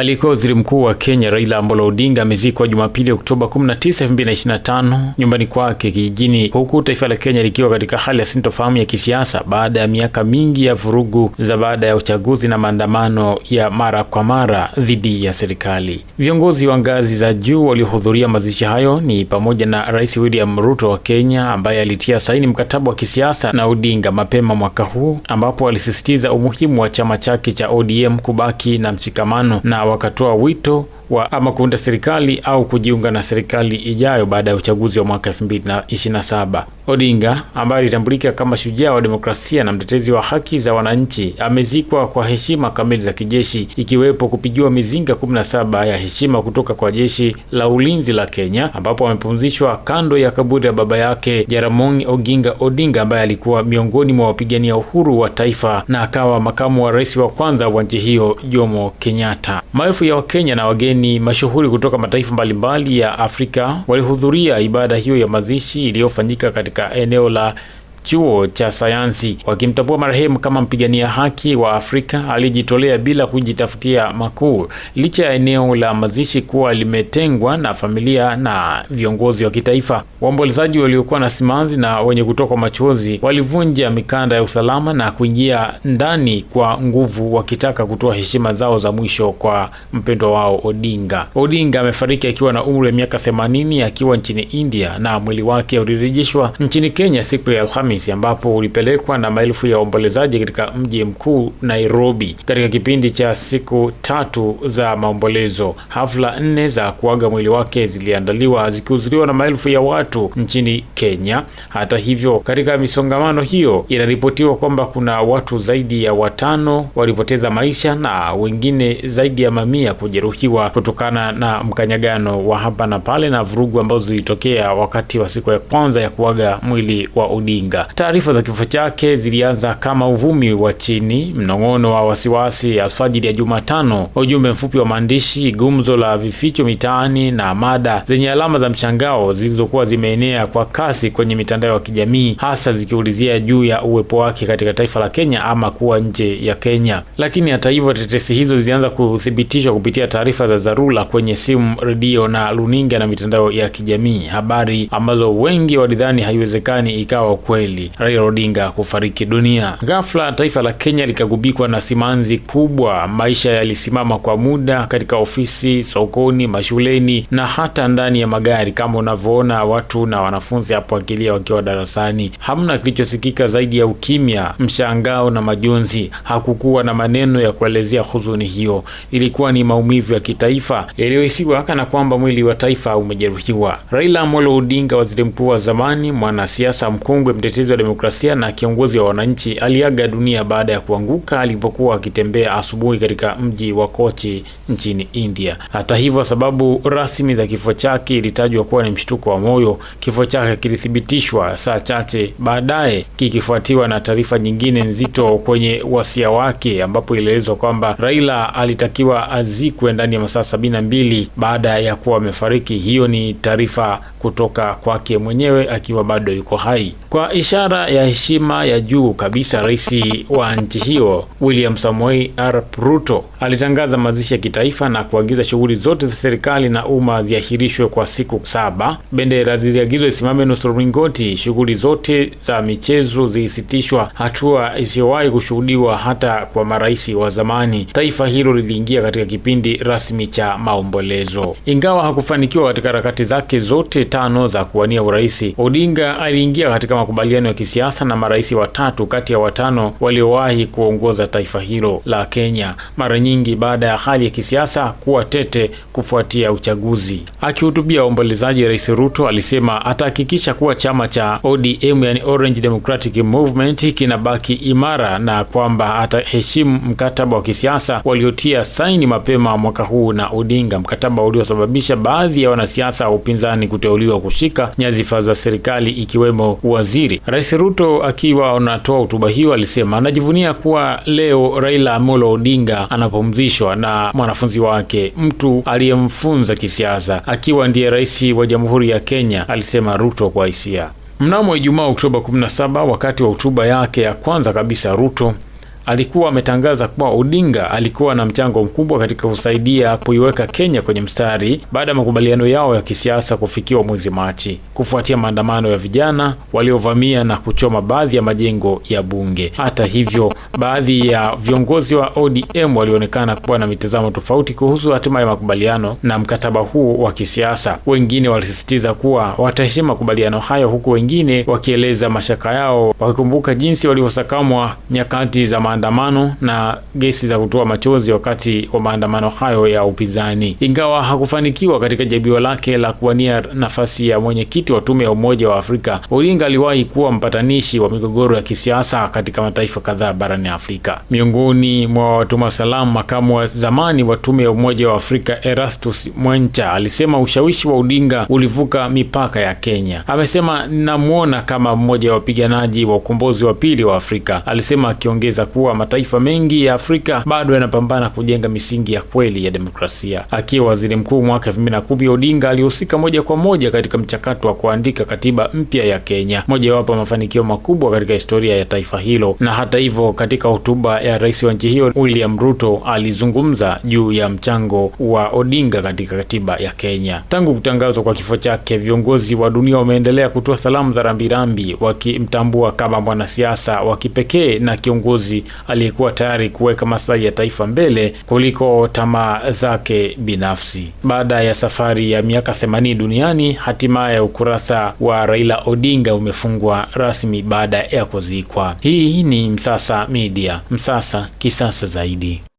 Aliyekuwa waziri mkuu wa Kenya Raila Amolo Odinga amezikwa Jumapili Oktoba 19, 2025 nyumbani kwake kijijini, huku taifa la Kenya likiwa katika hali ya sintofahamu ya kisiasa baada ya miaka mingi ya vurugu za baada ya uchaguzi na maandamano ya mara kwa mara dhidi ya serikali. Viongozi wa ngazi za juu waliohudhuria mazishi hayo ni pamoja na Rais William Ruto wa Kenya ambaye alitia saini mkataba wa kisiasa na Odinga mapema mwaka huu ambapo alisisitiza umuhimu wa chama chake cha ODM kubaki na mshikamano na wakatoa wito wa ama kuunda serikali au kujiunga na serikali ijayo baada ya uchaguzi wa mwaka 2027. Odinga ambaye alitambulika kama shujaa wa demokrasia na mtetezi wa haki za wananchi amezikwa kwa heshima kamili za kijeshi ikiwepo kupigiwa mizinga 17 ya heshima kutoka kwa jeshi la ulinzi la Kenya, ambapo amepumzishwa kando ya kaburi la baba yake Jaramogi Oginga Odinga ambaye alikuwa miongoni mwa wapigania uhuru wa taifa na akawa makamu wa rais wa kwanza wa nchi hiyo Jomo Kenyatta. Maelfu ya Wakenya na wageni mashuhuri kutoka mataifa mbalimbali ya Afrika walihudhuria ibada hiyo ya mazishi iliyofanyika katika katika eneo la chuo cha sayansi wakimtambua marehemu kama mpigania haki wa Afrika aliyejitolea bila kujitafutia makuu, licha ya eneo la mazishi kuwa limetengwa na familia na viongozi wa kitaifa. Waombolezaji waliokuwa na simanzi na wenye kutokwa machozi walivunja mikanda ya usalama na kuingia ndani kwa nguvu, wakitaka kutoa heshima zao za mwisho kwa mpendwa wao Odinga. Odinga amefariki akiwa na umri wa miaka 80 akiwa nchini India na mwili wake ulirejeshwa nchini Kenya siku ya Alhamisi Alhamis ambapo ulipelekwa na maelfu ya waombolezaji katika mji mkuu Nairobi katika kipindi cha siku tatu za maombolezo. Hafla nne za kuaga mwili wake ziliandaliwa zikihudhuriwa na maelfu ya watu nchini Kenya. Hata hivyo, katika misongamano hiyo inaripotiwa kwamba kuna watu zaidi ya watano walipoteza maisha na wengine zaidi ya mamia kujeruhiwa kutokana na mkanyagano wa hapa na pale na vurugu ambazo zilitokea wakati wa siku ya kwanza ya kuaga mwili wa Odinga kawaida. Taarifa za kifo chake zilianza kama uvumi wa chini, mnong'ono wa wasiwasi alfajiri ya Jumatano, ujumbe mfupi wa maandishi, gumzo la vificho mitaani na mada zenye alama za mshangao zilizokuwa zimeenea kwa kasi kwenye mitandao ya kijamii, hasa zikiulizia juu ya uwepo wake katika taifa la Kenya ama kuwa nje ya Kenya. Lakini hata hivyo, tetesi hizo zilianza kuthibitishwa kupitia taarifa za dharura kwenye simu, redio na runinga na mitandao ya kijamii, habari ambazo wengi walidhani haiwezekani ikawa kweli. Kiswahili Raila Odinga kufariki dunia. Ghafla taifa la Kenya likagubikwa na simanzi kubwa. Maisha yalisimama kwa muda katika ofisi, sokoni, mashuleni na hata ndani ya magari, kama unavyoona watu na wanafunzi hapo akilia wakiwa darasani. Hamna kilichosikika zaidi ya ukimya, mshangao na majonzi. Hakukuwa na maneno ya kuelezea huzuni hiyo. Ilikuwa ni maumivu ya kitaifa yaliyohisiwa kana kwamba mwili wa taifa umejeruhiwa. Raila Amolo Odinga, waziri mkuu wa zamani, mwanasiasa mkongwe, mtetezi mtetezi wa demokrasia na kiongozi wa wananchi aliaga dunia baada ya kuanguka alipokuwa akitembea asubuhi katika mji wa Kochi nchini India. Hata hivyo, sababu rasmi za kifo chake ilitajwa kuwa ni mshtuko wa moyo. Kifo chake kilithibitishwa saa chache baadaye, kikifuatiwa na taarifa nyingine nzito kwenye wasia wake, ambapo ilielezwa kwamba Raila alitakiwa azikwe ndani ya masaa sabini na mbili baada ya kuwa amefariki. Hiyo ni taarifa kutoka kwake mwenyewe akiwa bado yuko hai kwa ishi ishara ya heshima ya juu kabisa, rais wa nchi hiyo William Samoei Arap Ruto alitangaza mazishi ya kitaifa na kuagiza shughuli zote za serikali na umma ziahirishwe kwa siku saba. Bendera ziliagizwa isimame nusu mlingoti, shughuli zote za michezo zilisitishwa, hatua isiyowahi kushuhudiwa hata kwa marais wa zamani. Taifa hilo liliingia katika kipindi rasmi cha maombolezo. Ingawa hakufanikiwa katika harakati zake zote tano za kuwania urais, Odinga aliingia katika makubaliano mahusiano ya kisiasa na marais watatu kati ya watano waliowahi kuongoza taifa hilo la Kenya, mara nyingi baada ya hali ya kisiasa kuwa tete kufuatia uchaguzi. Akihutubia waombolezaji, Rais Ruto alisema atahakikisha kuwa chama cha ODM, yani Orange Democratic Movement, kinabaki imara na kwamba ataheshimu mkataba wa kisiasa waliotia saini mapema mwaka huu na Odinga, mkataba uliosababisha baadhi ya wanasiasa wa upinzani kuteuliwa kushika nyadhifa za serikali ikiwemo waziri. Rais Ruto akiwa anatoa hotuba hiyo alisema anajivunia kuwa leo Raila Amolo Odinga anapumzishwa na mwanafunzi wake, mtu aliyemfunza kisiasa, akiwa ndiye rais wa Jamhuri ya Kenya, alisema Ruto kwa hisia. Mnamo Ijumaa Oktoba 17 wakati wa hotuba yake ya kwanza kabisa Ruto alikuwa ametangaza kuwa Odinga alikuwa na mchango mkubwa katika kusaidia kuiweka Kenya kwenye mstari baada ya makubaliano yao ya kisiasa kufikiwa mwezi Machi kufuatia maandamano ya vijana waliovamia na kuchoma baadhi ya majengo ya bunge. Hata hivyo, baadhi ya viongozi wa ODM walionekana kuwa na mitazamo tofauti kuhusu hatima ya makubaliano na mkataba huo wa kisiasa. Wengine walisisitiza kuwa wataheshima makubaliano hayo, huku wengine wakieleza mashaka yao wakikumbuka jinsi walivyosakamwa nyakati za maandamano na gesi za kutoa machozi wakati wa maandamano hayo ya upinzani. Ingawa hakufanikiwa katika jaribio lake la kuwania nafasi ya mwenyekiti wa tume ya Umoja wa Afrika, Odinga aliwahi kuwa mpatanishi wa migogoro ya kisiasa katika mataifa kadhaa barani Afrika. Miongoni mwa watuma salamu, makamu wa zamani wa tume ya Umoja wa Afrika Erastus Mwencha alisema ushawishi wa Odinga ulivuka mipaka ya Kenya. Amesema, namwona kama mmoja wa wapiganaji wa ukombozi wa pili wa Afrika, alisema akiongeza kuwa kuwa mataifa mengi ya Afrika bado yanapambana kujenga misingi ya kweli ya demokrasia. Akiwa waziri mkuu mwaka 2010, Odinga alihusika moja kwa moja katika mchakato wa kuandika katiba mpya ya Kenya, mojawapo mafanikio makubwa katika historia ya taifa hilo. Na hata hivyo, katika hotuba ya rais wa nchi hiyo William Ruto alizungumza juu ya mchango wa Odinga katika katiba ya Kenya. Tangu kutangazwa kwa kifo chake, viongozi wa dunia wameendelea kutoa salamu za rambirambi wakimtambua kama mwanasiasa wa kipekee na kiongozi aliyekuwa tayari kuweka maslahi ya taifa mbele kuliko tamaa zake binafsi. Baada ya safari ya miaka 80 duniani, hatimaye ukurasa wa Raila Odinga umefungwa rasmi baada ya kuzikwa. Hii ni Msasa Media, Msasa kisasa zaidi.